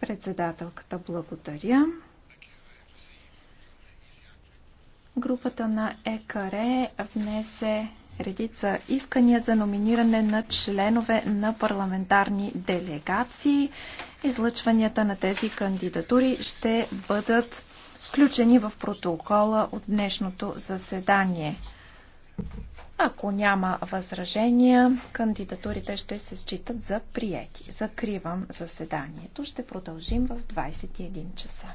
Председателката благодаря. Групата на ЕКР внесе редица искания за номиниране на членове на парламентарни делегации. Излъчванията на тези кандидатури ще бъдат включени в протокола от днешното заседание. Ако няма възражения, кандидатурите ще се считат за приети. Закривам заседанието. Ще продължим в 21 часа.